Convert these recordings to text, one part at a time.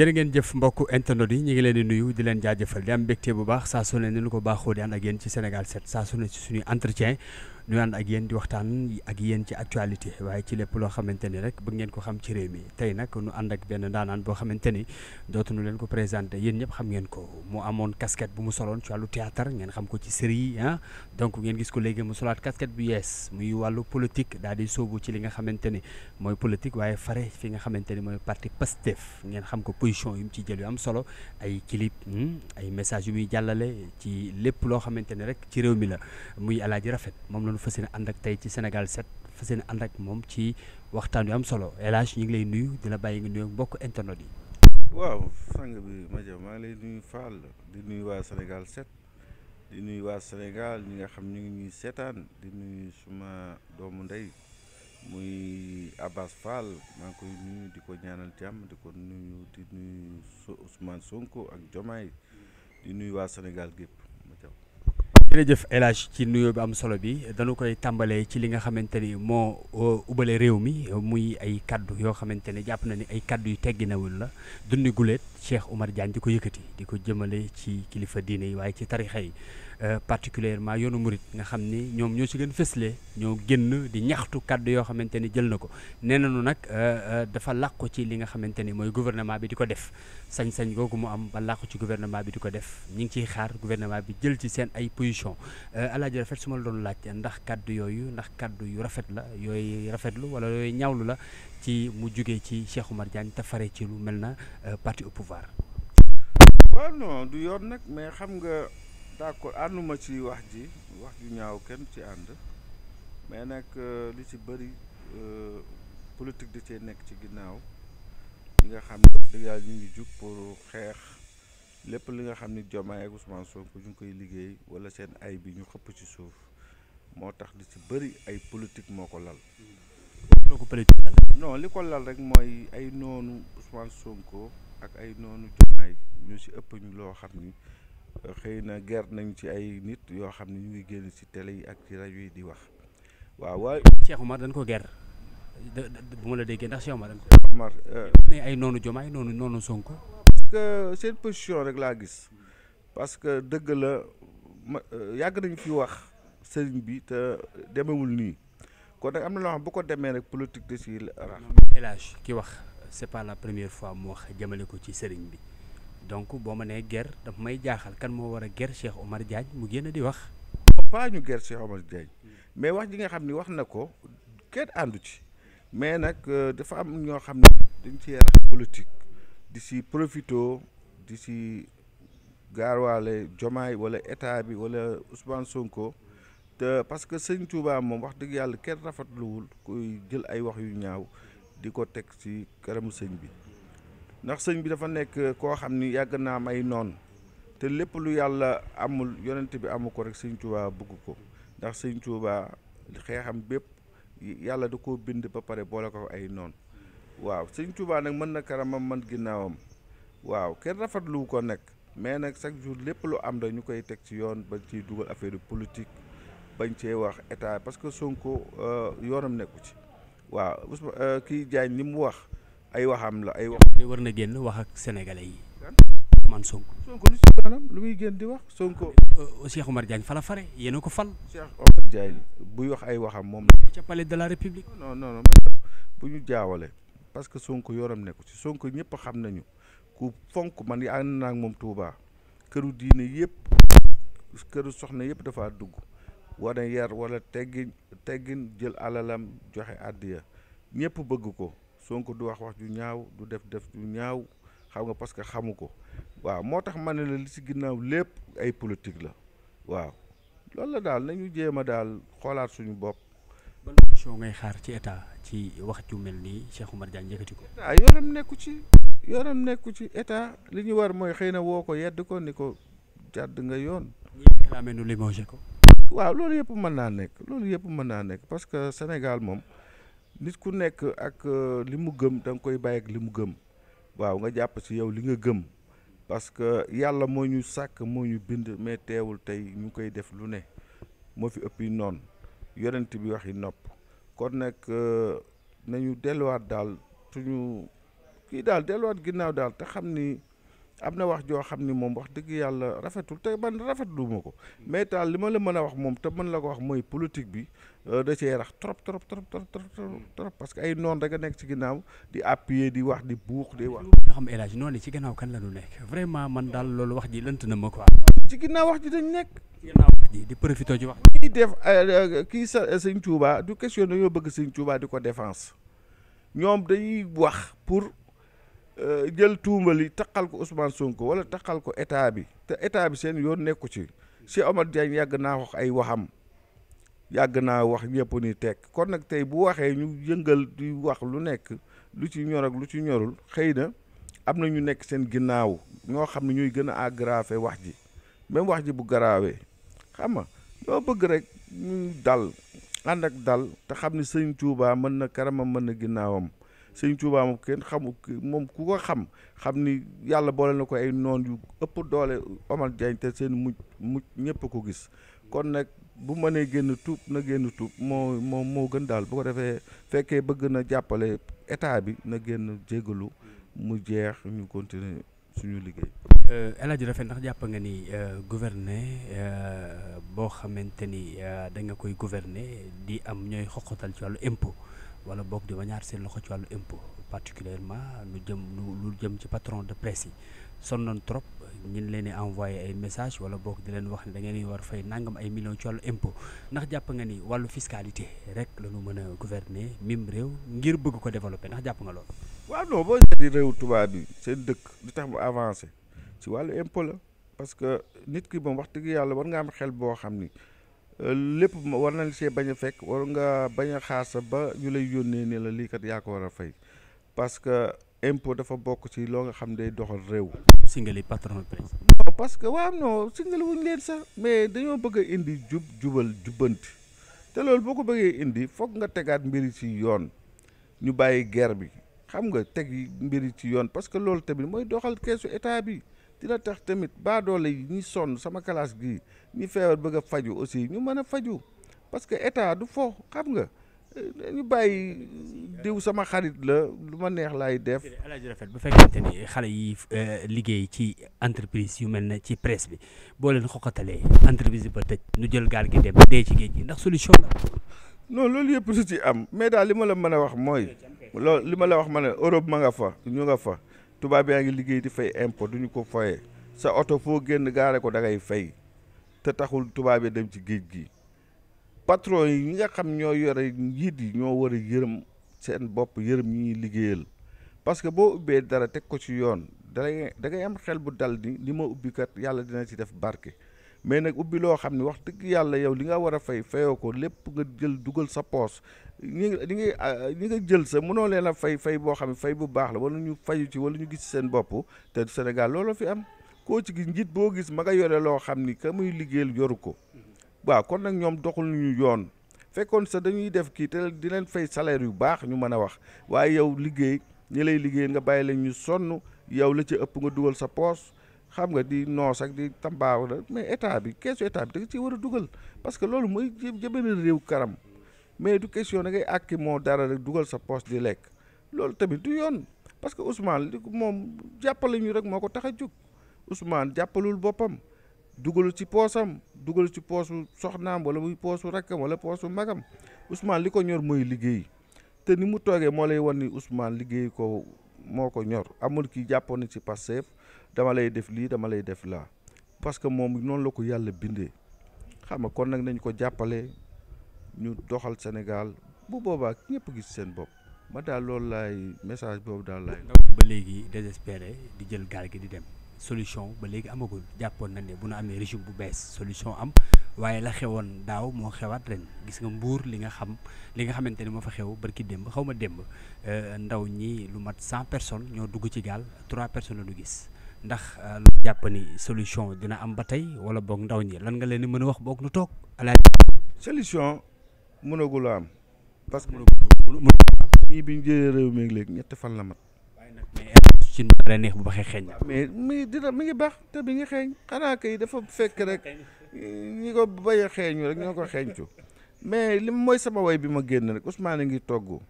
jërë ngeen jëf mbokku internet yi ñu ngi leen di nuyu di leen jaajëfal di am mbégte bu baax saa su ne ni ñu ko baaxoo di ànd ak yéen ci Sénégal set saa su si suñu suñuy entretien ñu naan ak yéen di waxtaan ak yéen ci actualité waaye ci lépp loo xamante ni rek bëgg ngeen ko xam ci réew mi tey nag nu ànd ak benn ndaanaan boo xamante ni dootuñu leen ko présenté yéen ñëpp xam ngeen ko mu amoon casquette bu mu soloon ci wàllu théâtre ngeen xam ko ci série yi ah. donc ngeen gis ko léegi mu solaat casquette bu yees muy wàllu politique daal di sóobu ci li nga xamante ni mooy politique waaye fare fi nga xamante ni mooy parti Pastef ngeen xam ko position yu mu jël yu am solo ay clip hmm, ay message muy jàllale ci lépp loo xamante ni rek ci réew mi la muy alaaji rafet moom fas ànd ak tey ci Sénégal set fas ànd ak moom ci waxtaan yu am solo El Hadj ñu ngi lay nuyu dina bàyyi nga nuyu mbokk internet yi. waaw sang bi Madia maa ngi lay nuyu Fall di nuyu waa Sénégal 7 di nuyu waa Sénégal ñi nga xam ñu ngi ñuy seetaan di nuyu suma doomu ndey muy Abbas Fall maa koy nuyu di ko ñaanal jàmm di ko nuyu di nuyu Ousmane Sonko ak Diomaye di nuyu waa Sénégal gépp jërëjëf El Hadj ci nuyoo bi am solo bi dañu koy tàmbalee ci li nga xamante ni moo uh, ubale réew mi uh, muy ay kaddu yoo xamante ne jàpp na ni ay kaddu yu nawul la dundi guleet Cheikh Oumar Diagne di ko yëkkati di ko jëmale ci kilifa diine yi waaye ci tarixa yi Euh, particulièrement yoonu murit nga xam ni ñoom ñoo ci gën fësle ñoo génn di ñaxtu kàddu yoo xamante ni jël na ko nee nañu nag euh, euh, dafa làqu ci li nga xamante ni mooy gouvernement bi di ko def sañ-sañ googu mu am ba làqu ci gouvernement bi di ko def ñu ngi ciy xaar gouvernement bi jël ci seen ay position alaaji rafet su ma la doon laaj ndax kàddu yooyu ndax kàddu yu rafet la yooyu rafetlu wala yooyu la ci mu jugee ci Cheikh Oumar Diagne te fare ci lu mel na parti au pouvoir d'accord ànduma ci wax ji wax ju ñaaw kenn ci ànd mais nag euh, li ci bëri euh, politique di see nekk ci ginnaaw li nga xam ne dëgg yàlla ñu ngi jug pour xeex lépp li nga xam ne Diomaye ak Ousmane Sonko ñu ngi koy liggéey wala seen ay bi ñu xëpp ci suuf moo tax di ci bëri ay politique moo ko lal non li ko lal rek mooy ay noonu Ousmane Sonko ak ay noonu Diomaye ñu si ëpp ñu loo xam ni xëy na ger nañ ci ay nit yoo xam ne ñu ngi génn ci télé yi ak ci rajo yi di wax waaw waaye. Cheikh Omar dañ ko gert bu ma la déggee ndax Cheikh Omar dañ ko. Omar euh, ne ay noonu Jomaay noonu noonu Sonko. parce que seen position rek laa gis parce que dëgg la ma euh, yàgg nañ fi wax sëriñ bi te demewul nii kon am na loo xam bu ko demee rek politique de si rax. El Hadj ki wax c'est pas la première fois mu wax jëmale ko ci sëriñ bi. donc boo ma nee ger daf may jaaxal kan moo war a ger Cheikh Omar Diagne mu génn di wax. pas ñu ger Cheikh Omar mais wax ji nga xam ni wax na ko kenn àndu ci mais nag euh, dafa am ñoo xam ne dañ ci rax politique di si profito di si gaarwaale Jomaay wala état bi wala Ousmane Sonko te parce que sëñ Touba moom wax dëgg yàlla kenn rafetluwul kuy jël ay wax yu ñaaw di ko teg ci kanamu sëñ bi. ndax sëñ bi dafa nekk koo xam ni yàgg naa ay noon te lépp lu yàlla amul yonent bi amu ko rek sëñ Tuubaa bëgg ko ndax sëñ Tuubaa xeexam bépp yàlla du ko bind ba pare boole ko ay noonu waaw sëñ Tuubaa nag mën na karamam man ginnaawam waaw kenn rafetlu ko nekk mais nag chaque jour lépp lu am da koy teg ci yoon bañ ciy dugal affaire politique bañ cee wax état parce que Sonko euh, yoonam nekku ci waaw euh, kii Diagne li mu wax ay waxam la ay wax. la war na génn wax ak sénégalais yi. man Sonko. Sonko lu muy génn di wax Sonko. Euh, Cheikh Omar Diagne fa la fare yéen ko fal. Cheikh Omar buy wax ay waxam moom. ca palais de la république. bu ñu jaawale parce que Sonko yoram nekku ko si Sonko ñëpp xam nañu ku fonk man ànd naa ak moom Touba këru diine yëpp këru soxna yëpp dafa dugg wane yar walla teggin teggin jël alalam joxe àddiya ñëpp bëgg ko. Sonko du wax wax ju ñaaw du def def ju ñaaw xam nga parce que xamu ko waaw moo tax ma na la li si ginnaaw lépp ay politique la waaw loolu la daal nañu jéem a daal xoolaat suñu bopp. ban position ngay xaar ci état ci wax ju mel nii Cheikh Oumar Diagne yëkkati ko. ah yoram nekku ci yoram nekku ci état li ñu war mooy xëy na woo ko yedd ko ni ko jàdd nga yoon. ñi mel nu limogé ko. waaw loolu yëpp mën naa nekk loolu yëpp mën naa nekk parce que Sénégal moom. nit ku nekk ak euh, li mu gëm da nga koy bàyyi ak li mu gëm waaw nga jàpp si yow li nga gëm parce que yàlla moo ñu sàkk moo ñu bind mais teewul tey ñu koy def lu ne moo fi ëpp yi noon yonent bi waxi nopp kon nag euh, nañu delluwaat daal suñu kii daal delluwaat ginnaaw daal te xam ni am na wax joo xam ni moom wax dëgg yàlla rafetul te man rafetlu ma ko mais daal li ma la mën a wax moom te mën la ko wax mooy politique bi euh, da cee rax trop trop trop trop trop parce que ay noon rek a nekk ci ginnaaw di appuyer wax di buux di wax. nga xam El Hadj noonu ci ginnaaw kan la ñu nekk vraiment man daal loolu wax ji lënt na ma quoi. ci ginnaaw wax ji dañ nekk. ginnaaw wax ji di profité ci wax. kii def euh, euh, kii sa sëñ Touba du question dañoo bëgg sëñ Touba di ko défense ñoom dañuy wax pour. Euh, jël tuumali taqal ko Ousmane Sonko wala taqal ko état bi te état bi seen yoon nekku ci si Omar Diagne yàgg naa wax ay waxam yàgg naa wax ñëpp ni tekk kon nag tey bu waxee ñu jëngal di wax lu nekk lu ci ñor lu ci ñorul xëy na am na ñu nekk seen ginnaaw ñoo xam ne ñuy gën a aggraver wax ji même wax ji bu garaawee xam nga doo bëgg rek ñu dal ànd ak dal te xam ne sëñ Touba mën na karamam mën na ginnaawam. sëñ Tuubaa kenn xamu moom ku ko xam xam ni yàlla boole na ko ay noon yu ëpp doole omal Diagne te seen mujj mujj ñëpp ko gis kon nag bu mënee génn tuub na génn tuub moo moo moo gën daal bu ko defee fekkee bëgg na jàppale état bi na génn jégalu mu jeex ñu continuer suñu liggéey. Euh, El Hadj Rafet ndax jàpp nga ni euh, gouverner euh, boo xamante ni da nga koy gouverner di am ñooy xoqatal ci wàllu impôt. wala bokk di ñaar seen loxo ci wàllu impôt particulièrement lu jëm lu jëm ci patron de presse yi sonnoon trop ñu leen di envoyé ay message wala boog di leen wax ne da ngeen war fay nangam ay millions ci wàllu impôt ndax jàpp nga ni wàllu fiscalité rek la ñu mën a gouverner mim réew ngir bëgg ko développer ndax jàpp nga loolu. waaw non boo tubaab bi seen dëkk di tax mu avancé ci wàllu impo la parce que nit ki moom wax dëgg yàlla war nga am xel boo xam ni. Euh, lépp ma war nañ see bañ a fekk war nga bañ a xaar sa ba ñu lay yónnee ne la lii kat yaa ko war a fay parce que impôt dafa bokk ci loo nga xam day doxal réew. singali patron président. non parce que waaw non singali wuñ leen sax mais dañoo bëgg a indi jub jubal jubbanti te loolu boo ko bëggee indi foog nga tegaat mbir ci yoon ñu bàyyi guerre bi xam nga teg mbiri ci yoon parce que loolu tamit mooy doxal keesu état bi. dina tax tamit baadoole yi ñi sonn sama classe gii ñu feebar bëgg a faju aussi ñu mën a faju parce que état du foofu xam nga eh, ñu bàyyi diw sama xarit la lu ma neex laay def. alaaji rafet bu fekkente ni xale yi eh, liggéey ci entreprise yu mel ne ci presse bi boo leen xoqatalee entreprise ba tëj ñu jël gaal gi dem dee ci géej gi ndax solution la. non loolu yëpp lu ci am mais daal li ma la mën a wax mooy. loolu li ma la wax ma ne Europe ma nga fa ñu nga fa. tubaab yaa ngi liggéey di fay impôt duñu ko foye sa oto foo génn gaare ko da ngay fay te taxul tubaab yi dem ci géej gi patron yi ñi nga xam ñoo yore njiit yi ñoo war a yërëm seen bopp yërëm ñi ñuy liggéeyal parce que boo ubbee dara teg ko ci yoon da ngay da ngay am xel bu dal ni li ma ubbi yàlla dina ci def barke mais nag ubbi loo xam ne wax dëgg yàlla yow li nga war a fay fayoo ko lépp nga jël dugal sa poos ñi nga ñi nga ah, ñi jël sa mënoo leen a fay fay boo xam ne fay bu baax la wala ñu fayu ci wala ñu gis seen bopp te Sénégal loolu fi am koo ci gi njiit boo gis ma nga yore loo xam ni ka muy liggéeyal yoru ko waaw kon nag ñoom doxul ñu yoon fekkoon sa dañuy def kii te di leen fay salaire yu baax ñu mën a wax waaye yow liggéey ñi lay liggéey nga bàyyi leen ñu sonn yow la ci ëpp nga dugal sa poos xam nga di noos ak di tambaaw la mais état bi keesu état bi da nga ciy war a dugal parce que loolu mooy jëmale réew karam mais du question da ngay àkki moo dara rek dugal sa poche di lekk loolu tamit du yoon parce que Ousmane li moom jàppale ñu rek moo ko tax a jóg Ousmane jàppalul boppam dugalu ci poosam dugalu ci poosu soxnaam wala muy poosu rakkam wala poosu magam Ousmane li ko ñor mooy liggéey te ni mu toogee moo lay wan ni Ousmane liggéey ko moo ko ñor amul kii jàppoon na ci Pastef dama lay def lii dama lay def laa parce que moom noonu la ko yàlla bindee xam nga kon nag nañ ko jàppale ñu doxal Sénégal bu boobaa ñëpp gis seen bopp ma daal loolu laay message boobu daal laay. ba léegi désespéré di jël gaal gi di dem solution ba léegi amagul jàppoon na ne bu nu amee régime bu bees solution am waaye la xewoon daaw moo xewaat ren gis nga mbuur li nga xam li nga xamante ni moo fa xew barki démb xaw ma démb euh, ndaw ñi lu mat cent personnes ñoo dugg ci gaal trois personnes la gis. ndax euh, lu jàpp ni solution dina am ba tey wala boog ndaw ñi lan nga leen di mën a wax boog nu toog alaaj solution mënagul am parce que mii bi ñu réew mi léegi ñetti fan la mat waaye nag mais neex bu baxee xeeñ ah, mais mi dina mi ngi baax te bi ngi xeeñ xanaa kay dafa fekk rek ñi ko bay xeeñu rek ñoo ko xeeñcu mais li mooy sama way bi ma génn rek Ousmane a ngi togg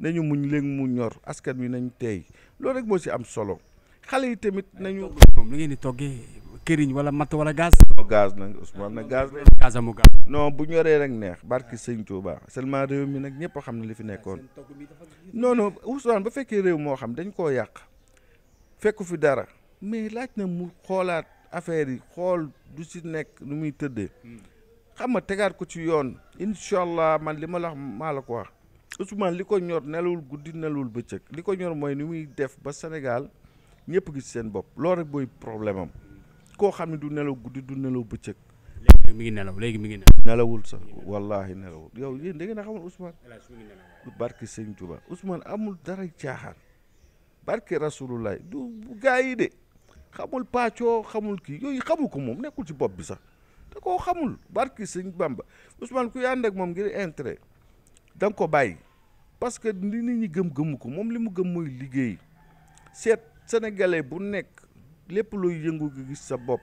nañu muñ léegi mu ñor askan wi nañ tey loolu rek moo si am solo xale yi tamit nañu. moom li ngeen di toggee këriñ wala matt wala gaz. non gaz nag Ousmane ah, nag gaz. gaz amu gaz. non bu ñoree rek neex barki ah. sëñ Touba seulement réew mi nag ñëpp xam ne li fi nekkoon ah, non non Ousmane ba fekkee réew moo xam dañ koo yàq fekku fi dara mais laaj na mu xoolaat affaire yi xool du si nekk nu muy tëddee hmm. xam nga tegaat ko ci yoon incha allah man li ma la wax maa la ko wax Ousmane li ko ñor nelawul guddi nelawul bëccëg li ko ñor mooy ni muy def ba Sénégal. ñëpp gis seen bopp loolu rek booy problème am koo xam ne du nelaw guddi du nelaw bëccëg. léegi mi ngi nelaw léegi mi ngi nelaw. nelawul sax wallaahi nelawul yow yéen da ngeen a xamal Ousmane. barke Sëñ Touba Ousmane amul dara caaxaan barke Rasulullah du gaa yi de xamul pàccoo xamul kii yooyu xamul ko moom nekkul ci bopp bi sax da koo xamul barke Sëñ Bamba Ousmane ku ànd ak moom ngir intérêt da nga ko bàyyi parce que li nit ñi gëm-gëmu ko moom li mu gëm mooy liggéey seet. sénégalais bu nekk lépp luy yëngu gi gis sa bopp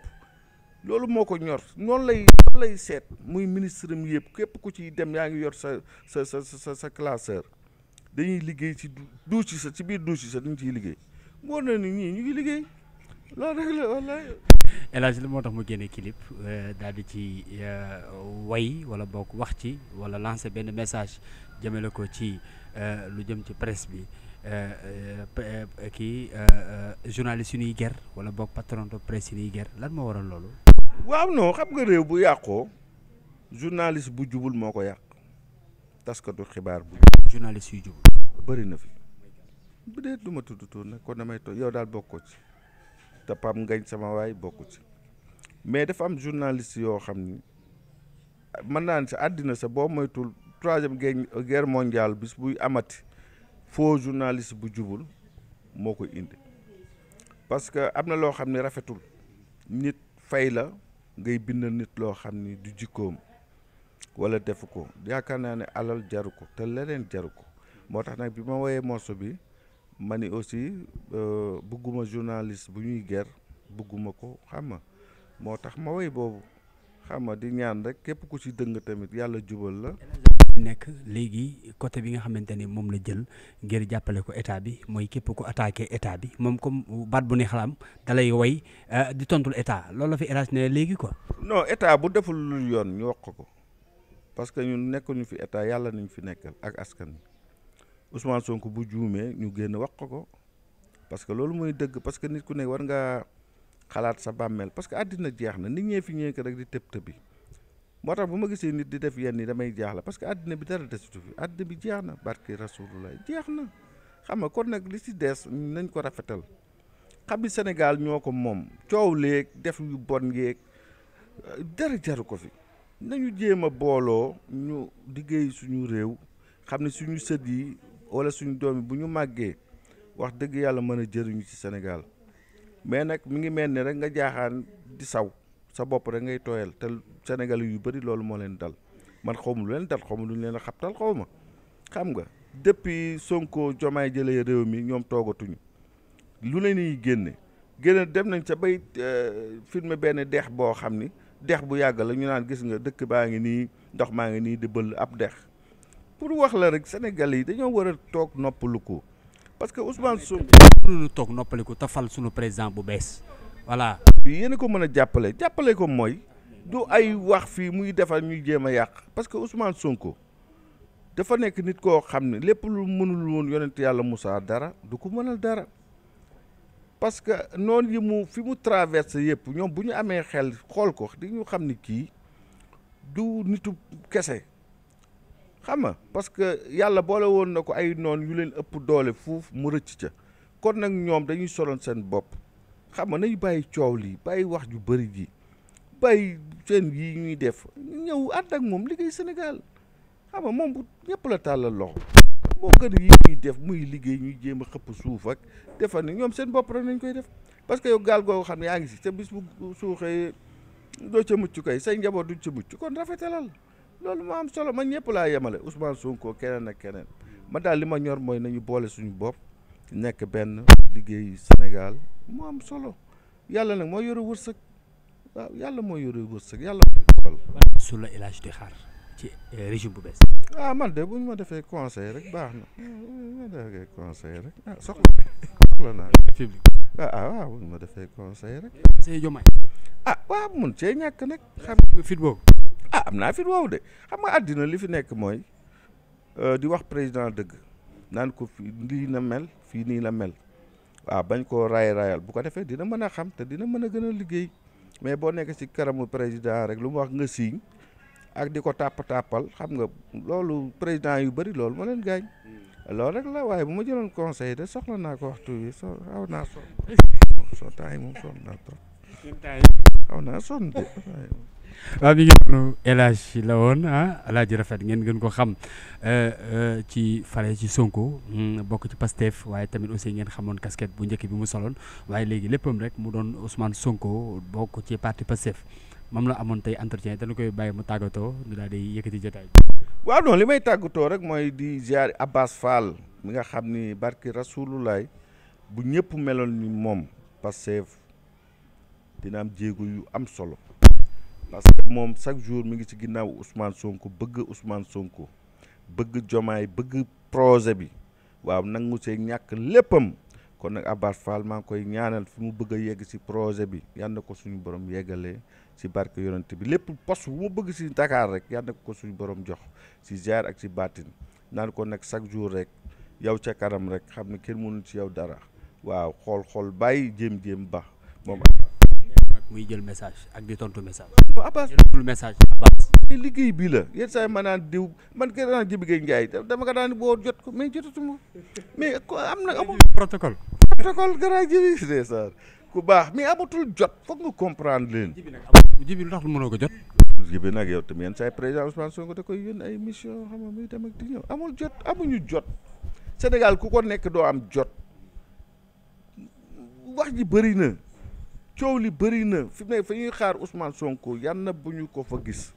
loolu moo ko ñor noonu lay noonu lay seet muy ministre am yëpp képp ku ci dem yaa ngi yor sa sa sa sa sa classeur dañuy liggéey ci duusi sa ci biir du duusi sa dañu ciy liggéey moo na ni ñii ñu ngi liggéey loolu rek la wallaay El moo tax mu génne clip euh, daal di ci euh, way wala bokk wax ci wala lancé benn message jëmale ko ci euh, lu jëm ci presse bi Euh, euh, euh, kii journaliste yu ñuy ger wala boog patron de presse yu ñuy ger lan moo a loolu. waaw noo xam nga réew bu yàqoo journaliste bu jubul moo ko yàq taskatu xibaar bu. journaliste yu jubul. bëri na fi bu dee du ma tudd tur nag ko damay toog yow daal bokkoo ci te Pape Ngañ sama waay bokku ci mais dafa am journaliste yoo xam ni mën naa ne sa àddina sa boo moytul troisième guerre mondiale bis buy amati. faux journaliste bu jubul moo ko indi parce que am na loo xam ne rafetul nit fay la ngay bind nit loo xam ni du jikkoom wala defu ko yaakaar naa ne alal jaru ko te leneen jaru ko moo tax nag bi ma woyee morso bi ma ni aussi euh, bëgguma journaliste bu ñuy ger bëgguma ko xam nga moo tax ma woy boobu xam nga di ñaan rek képp ku ci dëng tamit yàlla jubal la nekk léegi côté bi nga xamante ni moom la jël ngir jàppale ko état bi mooy képp ku attaqué état bi moom comme baat bu ne xalaam dalay woy euh, di tontul état loolu la fi érage ne léegi ko non état bu deful lu yoon ñu wax ko parce que ñun ñu fi état yàlla nañu fi nekkal ak askan Ousmane Sonko bu juumee ñu génn wax ko parce que loolu mooy dëgg parce que nit ku ne war nga xalaat sa bàmmeel parce que àddina jeex na nit ñee fi ñee ko rek di tëb tëbi. moo tax bu ma gisee nit di def yenn yi damay jaaxle parce que àddina bi dara desitu fi àddina bi jeex na barke rasulullah jeex na xam nga kon nag li si des nañ ko rafetal xam ni Sénégal ñoo ko moom coow leeg def ñu bon yeeg dara jaru ko fi nañu jéem a booloo ñu liggéey suñu réew xam ne suñu sët yi wala suñu doom yi bu ñu màggee wax dëgg yàlla mën a jëriñu ci Sénégal mais nag mu ngi mel ni rek nga jaaxaan di saw sa bopp rek ngay tooyal te Sénégal yu bëri loolu moo leen dal man xaw lu leen dal xaw ma lu ñu leen a xabtal xaw ma xam nga depuis Sonko Jomaay jëlee réew mi ñoom toogatuñu lu leen ñuy génne génne dem nañ ca bay euh, filmer benn dex boo xam ni dex bu yàgg la ñu naan gis nga dëkk baa ngi nii ndox maa ngi nii di bël ab dex pour wax la rek Sénégal yi dañoo war a toog noppalu ko parce que Ousmane Sonko. lu toog noppaliku tafal sunu président bu bees. voilà bi yéen ko mën a jàppale jàppale ko mooy du ay wax fii muy defar ñuy jéem a yàq parce que Ousmane Sonko dafa nekk nit koo xam ne lépp lu mënul woon yonent yàlla Moussa dara du ko mënal dara parce que noonu yi mu fi mu traversé yëpp ñoom bu ñu amee xel xool ko di ñu xam ni kii du nitu kese xam nga parce que yàlla boole woon na ko ay noon yu leen ëpp doole fuuf mu rëcc ca kon nag ñoom dañuy soloon seen bopp xam nga nañu bàyyi coow lii bàyyi wax ju bëri ji bàyyi seen yi ñuy def ñëw ànd ak moom liggéey Sénégal xam nga moom bu ñëpp la tàllal loxo moo gën yi ñuy def muy liggéey ñuy jéem a xëpp suuf ak defal ni ñoom seen bopp rek nañ koy def parce que yow gaal goo xam ne yaa ngi si te bis bu suuxee doo ca mucc say njaboot duñ ca mucc kon rafetalal loolu moo am solo ma ñëpp laa yemale Ousmane Sonko keneen ak keneen ma daal li ma ñor mooy nañu boole suñu bopp nekk benn liggéey Sénégal mu am solo yàlla nag mooy yore wërsëg yàlla mooy yore wërsëg yàlla mooy su la El Hadj ci eh, régime bu bees. ah man de bu ñu ma defee conseil rek baax na ma defee bu ñu ma defee conseil rek. Ah, ah, ah, Seye Diomaye. ah waaw mun cee ñàkk nag. xam fit boobu. ah am naa fit woowu de xam nga àddina li fi nekk mooy euh, di wax président dëgg. naan ko fii lii na mel fii nii na mel waa bañ koo raay raayal bu ko defee dina mën a xam te dina mën a gën a liggéey mais boo nekk ci kanamu président rek lu mu wax nga siiñ ak di ko tàpp tàppal xam nga loolu président yu bari loolu moo leen gaañ. loolu rek la waaye bu ma jëloon conseil de soxla naa ko waxtu wi so xaw naa sonn soo taay xaw naa sonn de. waaw mi ngi noonu la woon ah El Hadj rafet ngeen gën ko xam eh, eh, ci fare ci Sonko mm, bokk ci Pastef waaye tamit aussi ngeen xamoon casquette bu njëkk bi mu soloon waaye léegi léppam rek mu doon Ousmane Sonko bokk ci parti Pastef moom la amoon tey entretien dañu koy bàyyi mu tàggatoo ñu daal di jotaay waaw li may tàggatoo rek mooy di ziar Abbas Fall mi nga xam ni barki rasulullaay bu ñëpp meloon ni moom Pastef dina am jéego yu am solo parce que moom chaque jour mu ngi ci ginnaaw Ousmane sunk bëgg Ousmane Sonko bëgg Jomaay bëgg projet bi waaw mu see ñàkk léppam kon nag Abass Fall maa koy ñaanal fi mu bëgg a yegg ci projet bi yal ko suñu borom yeggalee ci barke yonent bi lépp poste bu mu bëgg ci Dakar rek yal ko suñu borom jox ci ziar ak ci baatin naan ko nag chaque jour rek yow ca kanam rek xam ne kenn mënul ci yow dara waaw xool xool bàyyi jéem jéem ba moom. muy jël message ak di tontu message. Abbas jël message Abbas. liggéey bi la yenn saa yi diw man kay daan Jibi Gueye Ndiaye dama ko daan boo jot ko mais jotatuma mais am na amul. protocole. protocole garaaw Jibi ku baax mais amatul jot foog nga comprendre leen. Jibi nag mënoo ko jot. Jibi nag yow tamit yenn saa yi président Ousmane Sonko da ay mission xam nga muy di ñëw amul jot amuñu jot Sénégal ku ko nekk doo am jot wax ji bëri na. coow li bari na fi mu ne fa ñuy xaar Ousmane Sonko yan na bu ñu ko fa gis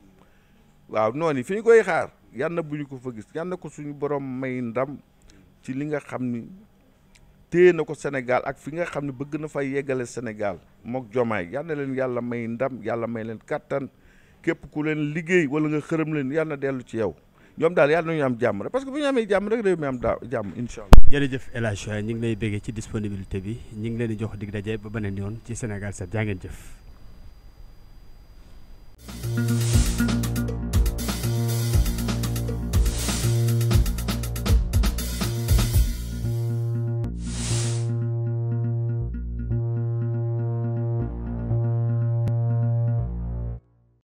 waaw noonu fi ñu koy xaar yan na bu ñu ko fa gis yan ko suñu borom may ndam ci li nga xam ni téye na ko senegal ak fi nga xam ne bëgg na fa yeggale senegal mook jomaay yan leen yàlla may ndam yàlla may leen kàttan képp ku leen liggéey wala nga xërëm leen yàlla dellu ci yow ñoom daal yàlla nañu am jàmm rek parce que bu ñu amee jàmm rek réew mi am daa jàmm incha allah. ñu ngi lay béggee ci disponibilité bi ñu ngi leen di jox dig daje ba beneen yoon ci Sénégal 7 jaa ngeen jëf.